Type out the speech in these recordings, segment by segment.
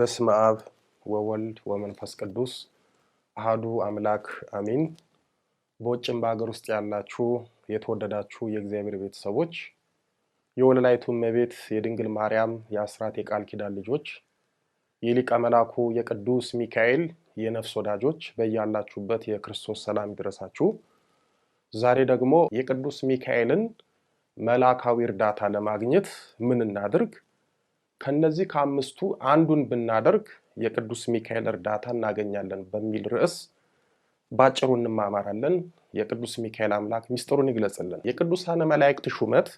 በስመ አብ ወወልድ ወመንፈስ ቅዱስ አህዱ አምላክ አሚን። በውጭም በሀገር ውስጥ ያላችሁ የተወደዳችሁ የእግዚአብሔር ቤተሰቦች፣ የወለላይቱ እመቤት የድንግል ማርያም የአስራት የቃል ኪዳን ልጆች፣ የሊቀ መላኩ የቅዱስ ሚካኤል የነፍስ ወዳጆች በያላችሁበት የክርስቶስ ሰላም ይድረሳችሁ። ዛሬ ደግሞ የቅዱስ ሚካኤልን መላካዊ እርዳታ ለማግኘት ምን እናድርግ ከነዚህ ከአምስቱ አንዱን ብናደርግ የቅዱስ ሚካኤል እርዳታ እናገኛለን በሚል ርዕስ ባጭሩ እንማማራለን። የቅዱስ ሚካኤል አምላክ ሚስጥሩን ይግለጽልን። የቅዱሳነ መላእክት ሹመት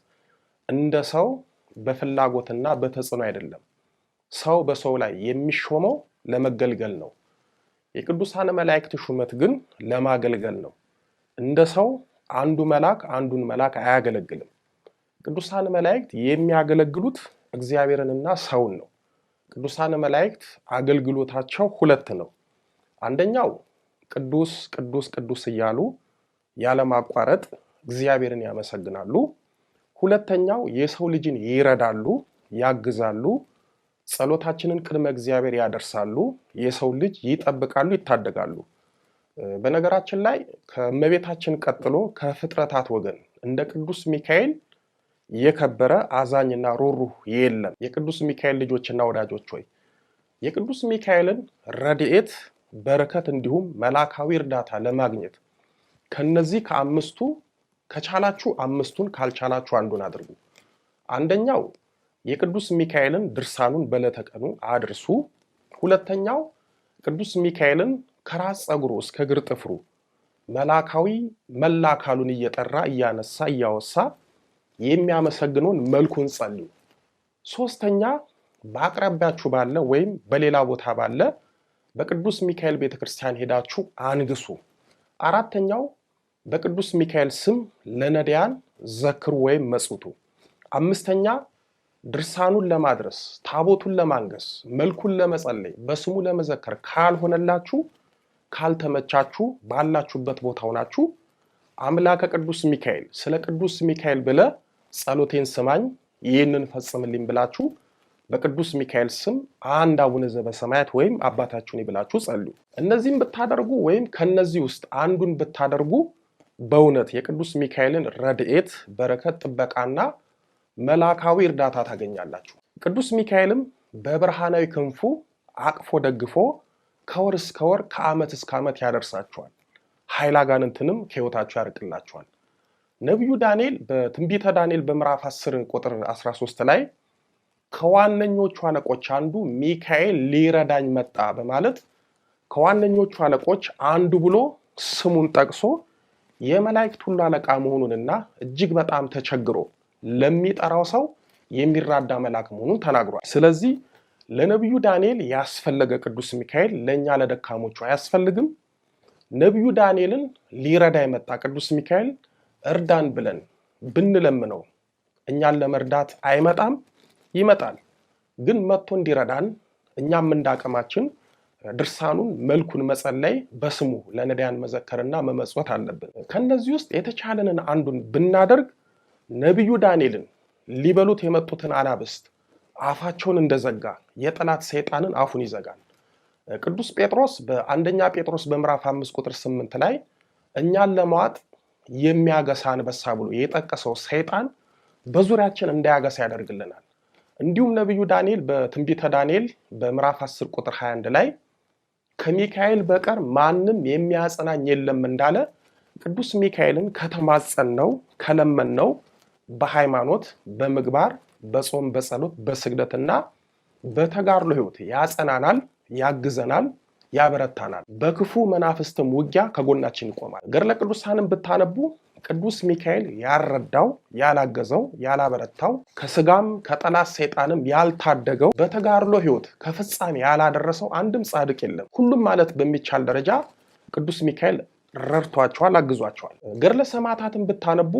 እንደ ሰው በፍላጎትና በተጽዕኖ አይደለም። ሰው በሰው ላይ የሚሾመው ለመገልገል ነው። የቅዱሳነ መላእክት ሹመት ግን ለማገልገል ነው። እንደ ሰው አንዱ መልአክ አንዱን መልአክ አያገለግልም። ቅዱሳን መላእክት የሚያገለግሉት እግዚአብሔርንና ሰውን ነው። ቅዱሳን መላእክት አገልግሎታቸው ሁለት ነው። አንደኛው ቅዱስ ቅዱስ ቅዱስ እያሉ ያለማቋረጥ እግዚአብሔርን ያመሰግናሉ። ሁለተኛው የሰው ልጅን ይረዳሉ፣ ያግዛሉ፣ ጸሎታችንን ቅድመ እግዚአብሔር ያደርሳሉ፣ የሰው ልጅ ይጠብቃሉ፣ ይታደጋሉ። በነገራችን ላይ ከእመቤታችን ቀጥሎ ከፍጥረታት ወገን እንደ ቅዱስ ሚካኤል የከበረ አዛኝና ሩሩህ የለም። የቅዱስ ሚካኤል ልጆችና ወዳጆች ሆይ የቅዱስ ሚካኤልን ረድኤት፣ በረከት እንዲሁም መላካዊ እርዳታ ለማግኘት ከነዚህ ከአምስቱ ከቻላችሁ አምስቱን ካልቻላችሁ አንዱን አድርጉ። አንደኛው የቅዱስ ሚካኤልን ድርሳኑን በለተቀኑ አድርሱ። ሁለተኛው ቅዱስ ሚካኤልን ከራስ ጸጉሩ እስከ እግር ጥፍሩ መላካዊ መላ አካሉን እየጠራ እያነሳ እያወሳ የሚያመሰግኑን መልኩን ጸልዩ። ሶስተኛ በአቅራቢያችሁ ባለ ወይም በሌላ ቦታ ባለ በቅዱስ ሚካኤል ቤተክርስቲያን ሄዳችሁ አንግሱ። አራተኛው በቅዱስ ሚካኤል ስም ለነዳያን ዘክሩ ወይም መጽቱ። አምስተኛ ድርሳኑን ለማድረስ ታቦቱን ለማንገስ መልኩን ለመጸለይ በስሙ ለመዘከር ካልሆነላችሁ ካልተመቻችሁ ባላችሁበት ቦታ ሆናችሁ አምላከ ቅዱስ ሚካኤል ስለ ቅዱስ ሚካኤል ብለ ጸሎቴን ስማኝ ይህንን ፈጽምልኝ ብላችሁ በቅዱስ ሚካኤል ስም አንድ አቡነ ዘበሰማያት ወይም አባታችሁን ብላችሁ ጸልዩ። እነዚህም ብታደርጉ ወይም ከነዚህ ውስጥ አንዱን ብታደርጉ በእውነት የቅዱስ ሚካኤልን ረድኤት፣ በረከት፣ ጥበቃና መላካዊ እርዳታ ታገኛላችሁ። ቅዱስ ሚካኤልም በብርሃናዊ ክንፉ አቅፎ ደግፎ ከወር እስከ ወር ከዓመት እስከ ዓመት ያደርሳችኋል። ኃይለ አጋንንትንም ከሕይወታችሁ ያርቅላችኋል። ነቢዩ ዳንኤል በትንቢተ ዳንኤል በምዕራፍ 10 ቁጥር 13 ላይ ከዋነኞቹ አለቆች አንዱ ሚካኤል ሊረዳኝ መጣ በማለት ከዋነኞቹ አለቆች አንዱ ብሎ ስሙን ጠቅሶ የመላእክት ሁሉ አለቃ መሆኑንና እጅግ በጣም ተቸግሮ ለሚጠራው ሰው የሚራዳ መልአክ መሆኑን ተናግሯል። ስለዚህ ለነቢዩ ዳንኤል ያስፈለገ ቅዱስ ሚካኤል ለእኛ ለደካሞቹ አያስፈልግም። ነቢዩ ዳንኤልን ሊረዳ የመጣ ቅዱስ ሚካኤል እርዳን ብለን ብንለምነው እኛን ለመርዳት አይመጣም? ይመጣል። ግን መጥቶ እንዲረዳን እኛም እንዳቅማችን ድርሳኑን መልኩን መጸለይ፣ በስሙ ለነዳያን መዘከርና መመጽወት አለብን። ከእነዚህ ውስጥ የተቻለንን አንዱን ብናደርግ ነቢዩ ዳንኤልን ሊበሉት የመጡትን አናብስት አፋቸውን እንደዘጋ የጠላት ሰይጣንን አፉን ይዘጋል። ቅዱስ ጴጥሮስ በአንደኛ ጴጥሮስ በምዕራፍ አምስት ቁጥር ስምንት ላይ እኛን ለመዋጥ የሚያገሳ አንበሳ ብሎ የጠቀሰው ሰይጣን በዙሪያችን እንዳያገሳ ያደርግልናል። እንዲሁም ነቢዩ ዳንኤል በትንቢተ ዳንኤል በምዕራፍ 10 ቁጥር 21 ላይ ከሚካኤል በቀር ማንም የሚያጸናኝ የለም እንዳለ ቅዱስ ሚካኤልን ከተማጸን ነው ከለመን ነው በሃይማኖት በምግባር በጾም በጸሎት በስግደትና በተጋድሎ ህይወት ያጸናናል፣ ያግዘናል፣ ያበረታናል። በክፉ መናፍስትም ውጊያ ከጎናችን ይቆማል። ገድለ ቅዱሳንም ብታነቡ ቅዱስ ሚካኤል ያልረዳው፣ ያላገዘው፣ ያላበረታው ከስጋም ከጠላት ሰይጣንም ያልታደገው በተጋድሎ ሕይወት ከፍጻሜ ያላደረሰው አንድም ጻድቅ የለም። ሁሉም ማለት በሚቻል ደረጃ ቅዱስ ሚካኤል ረድቷቸዋል፣ አግዟቸዋል። ገድለ ሰማዕታትን ብታነቡ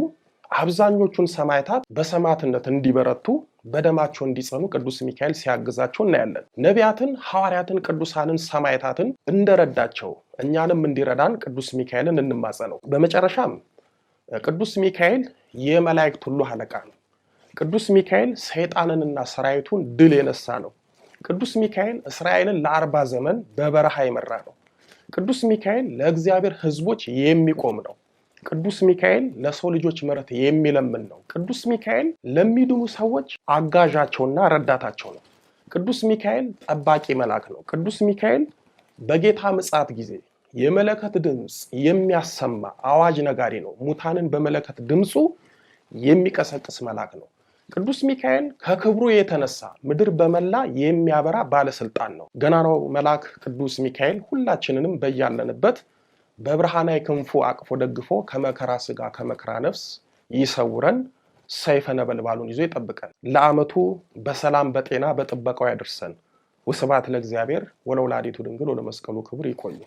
አብዛኞቹን ሰማዕታት በሰማዕትነት እንዲበረቱ በደማቸው እንዲጸኑ ቅዱስ ሚካኤል ሲያግዛቸው እናያለን። ነቢያትን፣ ሐዋርያትን፣ ቅዱሳንን፣ ሰማዕታትን እንደረዳቸው እኛንም እንዲረዳን ቅዱስ ሚካኤልን እንማጸነው። በመጨረሻም ቅዱስ ሚካኤል የመላእክት ሁሉ አለቃ ነው። ቅዱስ ሚካኤል ሰይጣንንና ሰራዊቱን ድል የነሳ ነው። ቅዱስ ሚካኤል እስራኤልን ለአርባ ዘመን በበረሃ የመራ ነው። ቅዱስ ሚካኤል ለእግዚአብሔር ሕዝቦች የሚቆም ነው። ቅዱስ ሚካኤል ለሰው ልጆች ምሕረት የሚለምን ነው። ቅዱስ ሚካኤል ለሚድኑ ሰዎች አጋዣቸውና ረዳታቸው ነው። ቅዱስ ሚካኤል ጠባቂ መልአክ ነው። ቅዱስ ሚካኤል በጌታ ምጽአት ጊዜ የመለከት ድምፅ የሚያሰማ አዋጅ ነጋሪ ነው። ሙታንን በመለከት ድምፁ የሚቀሰቅስ መልአክ ነው። ቅዱስ ሚካኤል ከክብሩ የተነሳ ምድር በመላ የሚያበራ ባለስልጣን ነው። ገናናው መልአክ ቅዱስ ሚካኤል ሁላችንንም በያለንበት በብርሃናዊ ክንፉ አቅፎ ደግፎ ከመከራ ስጋ ከመከራ ነፍስ ይሰውረን፣ ሰይፈ ነበልባሉን ይዞ ይጠብቀን፣ ለዓመቱ በሰላም በጤና በጥበቃው ያደርሰን። ውስባት ለእግዚአብሔር ወለወላዲቱ ድንግል ወለመስቀሉ ክቡር። ይቆዩ።